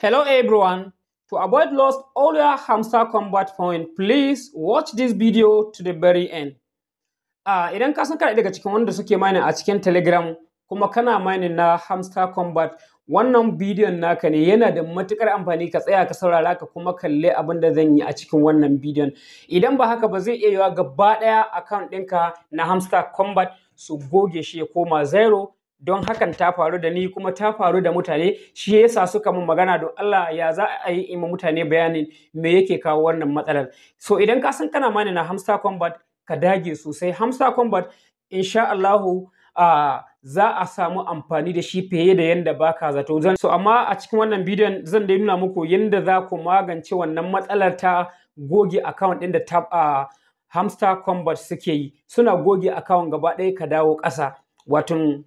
Hello everyone. To avoid lost all your hamster combat point, please watch this video to the very end. Uh, idan ka san kana daga cikin wanda suke mining a cikin Telegram kuma kana mining na hamster combat, wannan bidiyon naka ne yana da matukar amfani ka tsaya ka saurara ka kuma kalle abin da zan yi a cikin wannan bidiyon. Idan ba haka ba zai iya yiwa gaba daya account ɗinka na hamster combat su goge shi ya koma zero don hakan ta faru da ni kuma ta faru da mutane shi yasa suka mun magana don Allah ya za a yi ima mutane bayanin me yake kawo wannan matsalar so idan ka san kana mani na hamster combat ka dage sosai hamster combat insha Allahu uh, za a samu amfani da shi fiye da yadda baka zato zan so amma a cikin wannan bidiyon zan dai nuna muku yadda za ku magance wannan matsalar ta goge account ɗin da ta uh, hamster combat suke yi suna goge account gaba ɗaya ka dawo ƙasa watan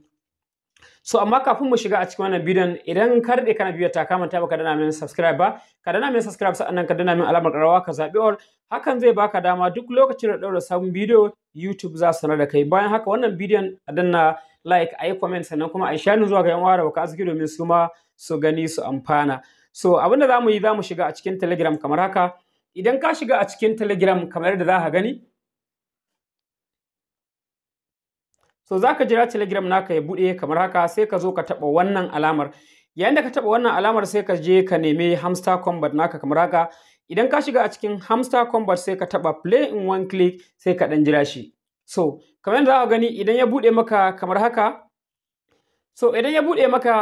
So amma kafin mu shiga a cikin wannan bidiyon idan ka daɗe kana biyo ta kamanta baka dana min subscribe ba ka dana min subscribe ka dana min alamar karawa ka zaɓi or hakan zai baka dama duk lokacin da daura sabon bidiyo YouTube za su sanar da kai bayan haka wannan bidiyon a danna like ayi yi comment sannan kuma a share zuwa ga yan uwa da baka asiki domin su ma su gani su amfana so abin da za yi zamu shiga a cikin telegram kamar haka idan ka shiga a cikin telegram kamar yadda za ka gani so za ka jira telegram naka ya buɗe kamar haka sai ka zo ka taɓa wannan alamar yayin da ka taɓa wannan alamar sai ka je ka nemi hamster combat naka kamar haka idan ka shiga a cikin hamster combat sai ka taɓa play in one click sai ka ɗan jira shi so kamar yadda za ka gani idan ya buɗe maka kamar haka so idan ya buɗe maka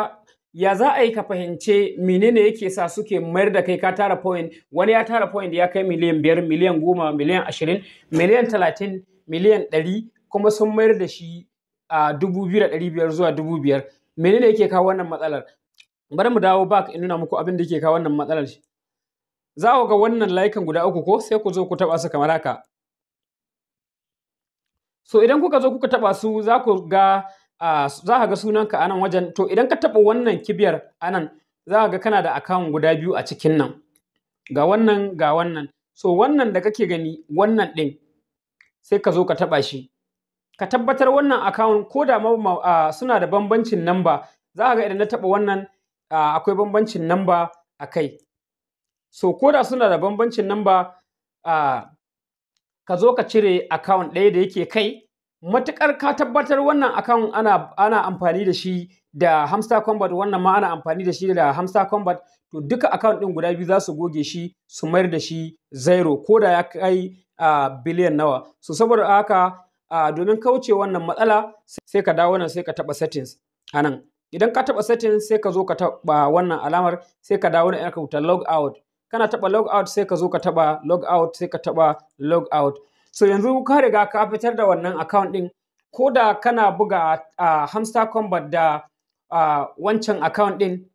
ya za a yi ka fahimce menene yake sa suke mayar da kai ka tara point wani ya tara point ya kai miliyan biyar miliyan goma miliyan ashirin miliyan talatin miliyan ɗari kuma sun mayar da shi 2,500 zuwa biyar, menene yake kawo wannan matsalar bari mu dawo back in nuna muku abin da yake kawo wannan matsalar za ku ga wannan layukan guda uku ko sai ku zo ku taba su kamar haka so idan kuka zo kuka taba su za ku ga za ka ga sunanka a nan wajen to idan ka taba wannan kibiyar a nan za ka ga kana da akawun guda biyu a cikin nan ga wannan ga wannan so wannan da kake gani wannan din, sai ka zo ka taɓa shi ka tabbatar wannan account ko da ma suna da bambancin namba za a ga idan na taɓa wannan akwai bambancin namba a kai so ko da suna da bambancin namba ka zo ka cire account ɗaya da yake kai matuƙar ka tabbatar wannan account ana, ana amfani da shi da hamster combat wannan ma ana amfani da shi da hamster combat to duka account ɗin guda biyu za su goge shi su mayar da shi zero ko da ya kai uh, biliyan nawa so saboda haka uh, domin kauce wannan matsala sai ka dawo nan sai ka taɓa settings a nan idan ka taba settings sai ka zo ka taɓa wannan alamar sai ka dawo nan ka rubuta log out kana taba log out sai ka zo ka taɓa log out sai ka taɓa log out so yanzu ka riga ka fitar da wannan account ɗin ko da kana buga uh, hamster combat da uh, wancan account ɗin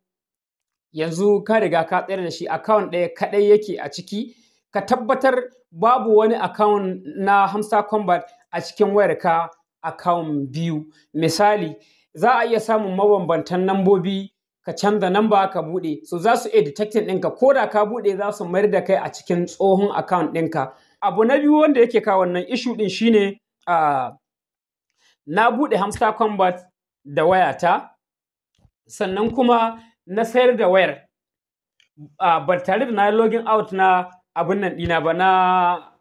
yanzu ka riga ka tsere da shi account ɗaya kaɗai yake a ciki ka tabbatar babu wani account na hamster combat a cikin wayar ka akawun biyu misali za a iya samun mabambantan nambobi ka canza namba ka buɗe so za su iya detecting ɗinka ko da ka buɗe za su mayar da kai a cikin tsohon account ɗinka abu na biyu wanda yake kawo wannan issue ɗin shine na buɗe hamster combat da wayata sannan kuma na sayar da wayar ba tare da na login out na abin nan ɗina ba na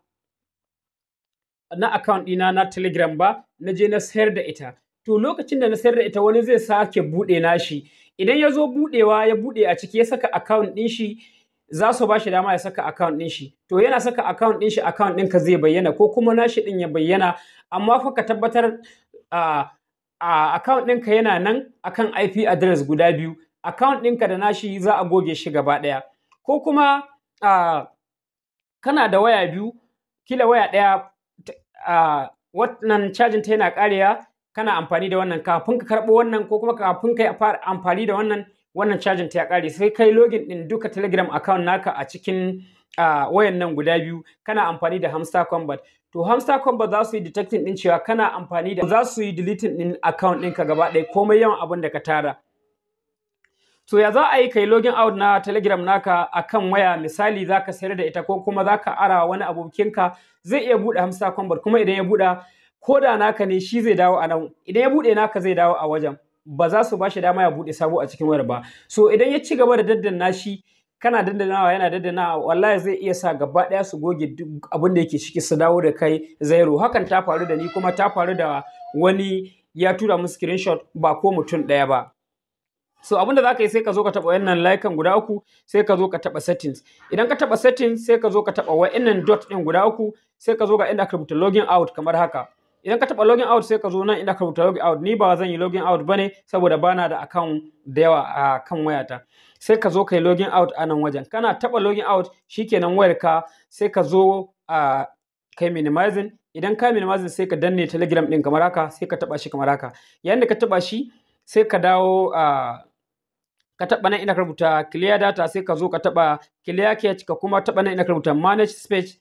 na account ɗina na telegram ba na je na sayar da ita to lokacin da na sayar da ita wani zai sake buɗe nashi idan ya zo buɗewa ya buɗe a ciki ya saka account ɗin shi za su ba dama ya saka account ɗin shi to yana saka account ɗin shi account ka zai bayyana ko kuma nashi ɗin ya bayyana amma fa ka tabbatar a account ka yana nan akan IP address guda biyu account ka da nashi za a goge shi gaba ɗaya ko kuma kana da waya biyu kila waya ɗaya wannan cajin ta yana karewa kana amfani da wannan kafin ka karɓo wannan ko kuma kafin ka amfani da wannan wannan cajin ta ya kare sai kai login din duka telegram account naka a cikin wayan nan guda biyu kana amfani da hamster combat to hamster combat za su yi detecting din cewa kana amfani da za su yi deleting din account ɗinka gaba ɗaya komai yawan abin da ka tara to ya za a yi kai login out na Telegram naka akan waya misali za ka sayar da ita ko kuma za ka ara wani abokinka zai iya buɗe hamsa kwambar kuma idan ya buɗa ko da naka ne shi zai dawo a nan idan ya buɗe naka zai dawo a wajen ba za su ba shi dama ya buɗe sabo a cikin wayar ba. So idan ya ci gaba da daddana shi kana daddanawa yana daddanawa wallahi zai iya sa gaba ɗaya su goge duk abin da yake ciki su dawo da kai zairo hakan ta faru da ni kuma ta faru da wani ya tura mu screenshot ba ko mutum ɗaya ba. So abinda za ka yi sai ka zo ka taɓa wannan laikan guda uku sai ka zo ka taɓa settings. Idan ka taɓa settings sai ka zo ka taɓa wa'innan dot ɗin guda uku sai ka zo ga inda ka rubuta login out kamar haka. Idan ka taɓa login out sai ka zo nan inda ka rubuta login out ni ba zan yi login out bane saboda bana da account da yawa a kan wayata. Sai ka zo ka login out a nan wajen. Kana taɓa login out shikenan ka sai ka zo a kai minimizing idan ka minimizing sai ka danne telegram ɗin kamar haka sai ka taɓa shi kamar haka. Yayin da ka taɓa shi sai ka dawo a ka taɓa nan ina rubuta clear data sai ka zo ka taɓa clear cache ka kuma taɓa nan ina rubuta manage space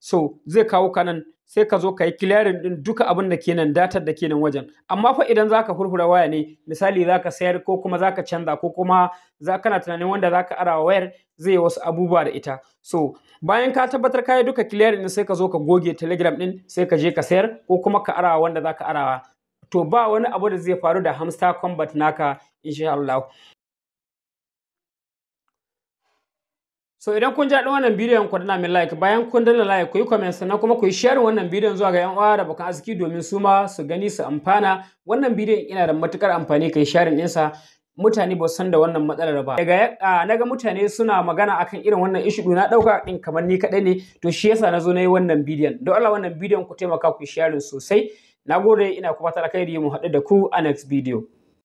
so zai kawo ka nan sai ka zo ka yi clearing din duka abin da ke nan data da ke nan wajen amma fa idan zaka hurhura waya ne misali zaka sayar ko kuma zaka canza ko kuma za kana tunanin wanda zaka ara wayar zai yi wasu abubuwa da ita so bayan ka tabbatar ka yi duka clearing din sai ka zo ka goge telegram din sai ka je ka sayar ko kuma ka ara wanda zaka arawa to ba wani abu da zai faru da hamster combat naka insha Allah So idan kun jaɗi wannan bidiyon ku dana min like bayan kun dana like ku yi comment sannan kuma ku yi share wannan bidiyon zuwa ga 'yan uwa da bakan arziki domin su ma su gani su amfana. Wannan bidiyon ina da matukar amfani kai din sa mutane ba san da wannan matsalar ba daga naga mutane suna magana akan irin wannan issue na dauka din kamar ni kadai ne to shi yasa nazo nayi wannan bidiyon don Allah wannan bidiyon ku taimaka ku sharing sosai nagode ina kuma ta alkhairi mu haɗu da ku a next video